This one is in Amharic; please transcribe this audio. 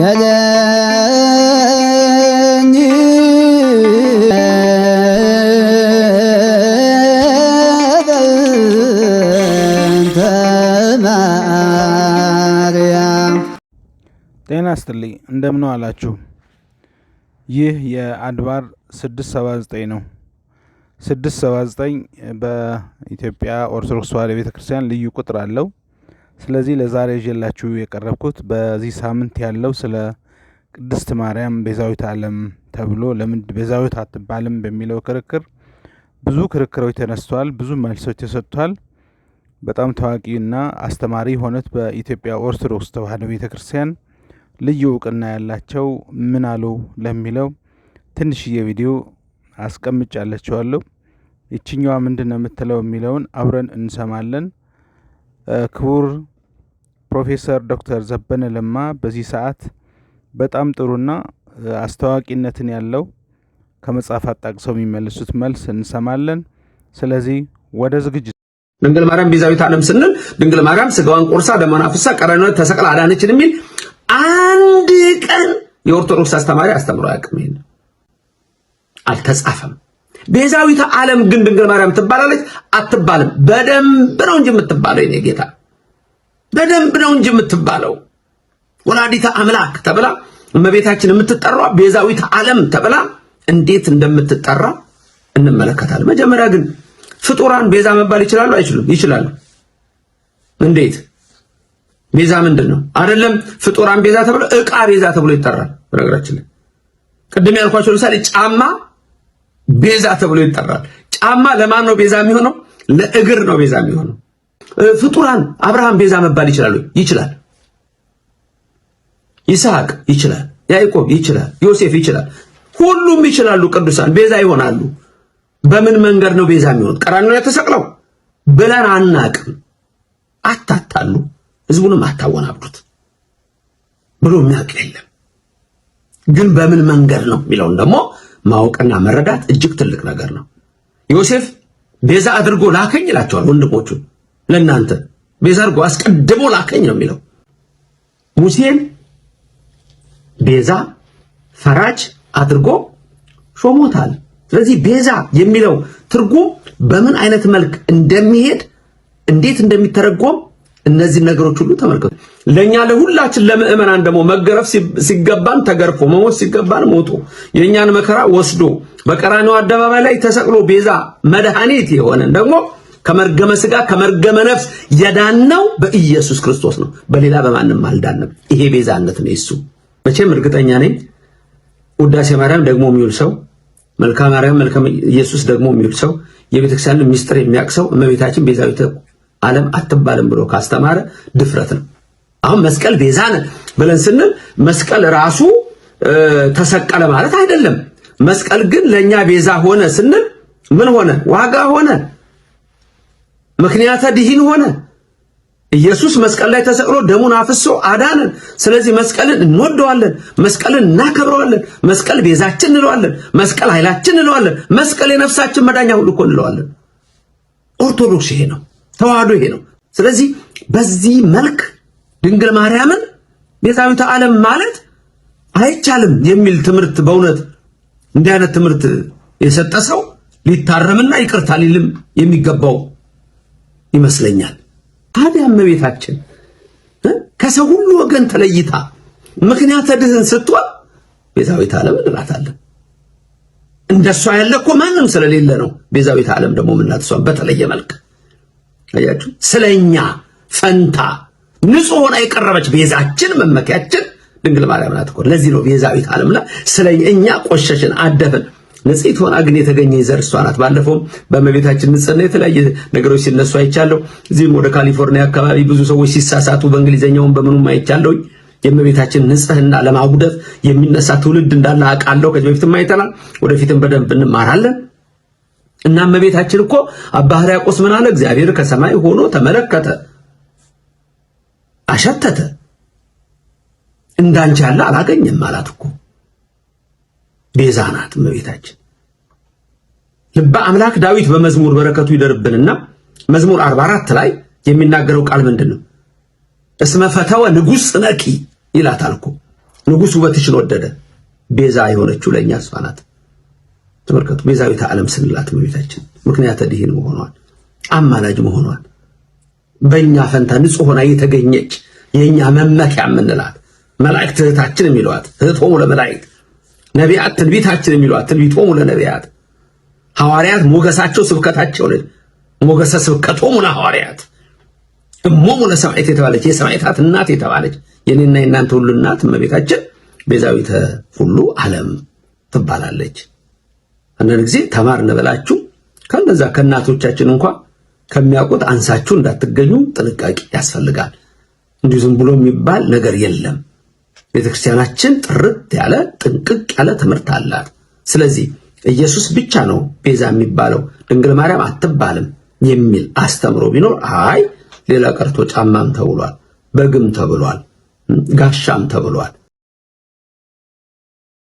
በለኝ በእንተ ማርያም። ጤና ይስጥልኝ እንደምን አላችሁ? ይህ የአድባር 679 ነው። 679 በኢትዮጵያ ኦርቶዶክስ ተዋሕዶ ቤተ ክርስቲያን ልዩ ቁጥር አለው። ስለዚህ ለዛሬ ይዤላችሁ የቀረብኩት በዚህ ሳምንት ያለው ስለ ቅድስት ማርያም ቤዛዊት ዓለም ተብሎ ለምን ቤዛዊት አትባልም በሚለው ክርክር ብዙ ክርክሮች ተነስተዋል፣ ብዙ መልሶች ተሰጥቷል። በጣም ታዋቂና አስተማሪ የሆነት በኢትዮጵያ ኦርቶዶክስ ተዋሕዶ ቤተ ክርስቲያን ልዩ እውቅና ያላቸው ምን አሉ ለሚለው ትንሽዬ ቪዲዮ አስቀምጫላችኋለሁ። ይችኛዋ ምንድን ነው የምትለው የሚለውን አብረን እንሰማለን። ክቡር ፕሮፌሰር ዶክተር ዘበነ ለማ በዚህ ሰዓት በጣም ጥሩና አስተዋቂነትን ያለው ከመጽሐፍ አጣቅሰው የሚመልሱት መልስ እንሰማለን። ስለዚህ ወደ ዝግጅት ድንግል ማርያም ቤዛዊት ዓለም ስንል ድንግል ማርያም ስጋዋን ቆርሳ ደሟን አፍስሳ ቀራንዮ ተሰቅላ አዳነችን የሚል አንድ ቀን የኦርቶዶክስ አስተማሪ አስተምሮ አያውቅም። አልተጻፈም። ቤዛዊተ ዓለም ግን ድንግል ማርያም ትባላለች አትባልም? በደንብ ነው እንጂ የምትባለው የኔ ጌታ፣ በደንብ ነው እንጂ የምትባለው። ወላዲተ አምላክ ተብላ እመቤታችን የምትጠራ ቤዛዊተ ዓለም ተብላ እንዴት እንደምትጠራ እንመለከታለን። መጀመሪያ ግን ፍጡራን ቤዛ መባል ይችላሉ አይችሉም? ይችላሉ። እንዴት ቤዛ ምንድን ነው? አይደለም ፍጡራን ቤዛ ተብሎ እቃ ቤዛ ተብሎ ይጠራል። በነገራችን ላይ ቅድም ያልኳቸው ለምሳሌ ጫማ ቤዛ ተብሎ ይጠራል። ጫማ ለማን ነው ቤዛ የሚሆነው? ለእግር ነው ቤዛ የሚሆነው። ፍጡራን አብርሃም ቤዛ መባል ይችላሉ? ይችላል። ይስሐቅ ይችላል። ያዕቆብ ይችላል። ዮሴፍ ይችላል። ሁሉም ይችላሉ። ቅዱሳን ቤዛ ይሆናሉ። በምን መንገድ ነው ቤዛ የሚሆኑት? ቀራንዮ የተሰቅለው ብለን አናቅም። አታታሉ፣ ህዝቡንም አታወናብዱት ብሎ የሚያውቅ የለም። ግን በምን መንገድ ነው የሚለውን ደግሞ ማወቅና መረዳት እጅግ ትልቅ ነገር ነው። ዮሴፍ ቤዛ አድርጎ ላከኝ ይላቸዋል ወንድሞቹ። ለእናንተ ቤዛ አድርጎ አስቀድሞ ላከኝ ነው የሚለው። ሙሴን ቤዛ ፈራጅ አድርጎ ሾሞታል። ስለዚህ ቤዛ የሚለው ትርጉም በምን አይነት መልክ እንደሚሄድ እንዴት እንደሚተረጎም እነዚህ ነገሮች ሁሉ ተመልከቱ። ለኛ ለሁላችን ለምእመናን ደግሞ መገረፍ ሲገባን ተገርፎ መሞት ሲገባን ሞቶ የእኛን መከራ ወስዶ በቀራንዮ አደባባይ ላይ ተሰቅሎ ቤዛ መድኃኒት የሆነን ደግሞ ከመርገመ ስጋ ከመርገመ ነፍስ የዳነው በኢየሱስ ክርስቶስ ነው። በሌላ በማንም አልዳንም። ይሄ ቤዛነት ነው የሱ። መቼም እርግጠኛ ነኝ ውዳሴ ማርያም ደግሞ የሚውል ሰው መልካ ማርያም መልካም ኢየሱስ ደግሞ የሚውል ሰው የቤተክርስቲያን ሚስጥር የሚያቅሰው እመቤታችን ቤዛዊት ዓለም አትባልም ብሎ ካስተማረ ድፍረት ነው። አሁን መስቀል ቤዛ ብለን ስንል መስቀል ራሱ ተሰቀለ ማለት አይደለም። መስቀል ግን ለእኛ ቤዛ ሆነ ስንል ምን ሆነ? ዋጋ ሆነ፣ ምክንያተ ድሂን ሆነ። ኢየሱስ መስቀል ላይ ተሰቅሎ ደሙን አፍሶ አዳነን። ስለዚህ መስቀልን እንወደዋለን፣ መስቀልን እናከብረዋለን፣ መስቀል ቤዛችን እንለዋለን፣ መስቀል ኃይላችን እንለዋለን፣ መስቀል የነፍሳችን መዳኛ ሁሉ እኮ እንለዋለን። ኦርቶዶክስ ይሄ ነው። ተዋህዶ ይሄ ነው። ስለዚህ በዚህ መልክ ድንግል ማርያምን ቤዛዊተ ዓለም ማለት አይቻልም የሚል ትምህርት በእውነት እንዲህ አይነት ትምህርት የሰጠ ሰው ሊታረምና ይቅርታ ሊልም የሚገባው ይመስለኛል። ታዲያ እመቤታችን ከሰው ሁሉ ወገን ተለይታ ምክንያተ ድኅን ስትሆን ቤዛዊተ ዓለም እንላታለን። እንደሷ ያለ እኮ ማንም ስለሌለ ነው ቤዛዊተ ዓለም ደግሞ የምናትሷን በተለየ መልክ አያችሁ፣ ስለኛ ፈንታ ንጹህ ሆና የቀረበች ቤዛችን መመኪያችን ድንግል ማርያም ናት እኮ። ለዚህ ነው ቤዛዊት ዓለምና ስለኛ እኛ ቆሸሽን፣ አደፍን ንጽሕት ሆና ግን የተገኘ ዘር እሷ ናት። ባለፈውም በእመቤታችን ንጽሕና የተለያየ ነገሮች ሲነሱ አይቻለሁ። እዚህም ወደ ካሊፎርኒያ አካባቢ ብዙ ሰዎች ሲሳሳቱ በእንግሊዘኛውን በምኑም አይቻለሁኝ። የእመቤታችን ንጽህና ለማጉደፍ የሚነሳ ትውልድ እንዳለ አውቃለሁ። ከዚህ በፊትም አይተናል፣ ወደፊትም በደንብ እንማራለን። እና እመቤታችን እኮ አባ ሕርያቆስ ምን አለ? እግዚአብሔር ከሰማይ ሆኖ ተመለከተ፣ አሸተተ፣ እንዳንቺ ያለ አላገኘም አላት እኮ። ቤዛ ናት እመቤታችን። ልበ አምላክ ዳዊት በመዝሙር በረከቱ ይደርብንና መዝሙር 44 ላይ የሚናገረው ቃል ምንድን ነው? እስመ ፈተወ ንጉሥ ነቂ ይላታል እኮ። ንጉሥ ውበትሽን ወደደ። ቤዛ የሆነችው ለእኛ እሷ ናት። ተመልከቱ። ቤዛዊተ ዓለም ስንላት እመቤታችን ምክንያተ ድኅነት መሆኗል፣ አማላጅ መሆኗል፣ በእኛ ፈንታ ንጹሕ ሆና የተገኘች የእኛ መመኪያ የምንላት መላእክት እህታችን የሚሏት እህቶሙ ለመላእክት ነቢያት ትንቢታችን የሚሏት ትንቢቶሙ ለነቢያት ሐዋርያት ሞገሳቸው ስብከታቸው ሞገሰ ስብከቶሙ ለሐዋርያት እሞሙ ለሰማዕት የተባለች የሰማዕታት እናት የተባለች የኔና የእናንተ ሁሉ እናት እመቤታችን ቤዛዊተ ሁሉ ዓለም ትባላለች። አንዳንድ ጊዜ ተማር ብላችሁ ከነዛ ከእናቶቻችን እንኳ ከሚያውቁት አንሳችሁ እንዳትገኙ ጥንቃቄ ያስፈልጋል። እንዲሁ ዝም ብሎ የሚባል ነገር የለም። ቤተክርስቲያናችን ጥርት ያለ ጥንቅቅ ያለ ትምህርት አላት። ስለዚህ ኢየሱስ ብቻ ነው ቤዛ የሚባለው ድንግል ማርያም አትባልም የሚል አስተምሮ ቢኖር አይ ሌላ ቀርቶ ጫማም ተብሏል፣ በግም ተብሏል፣ ጋሻም ተብሏል።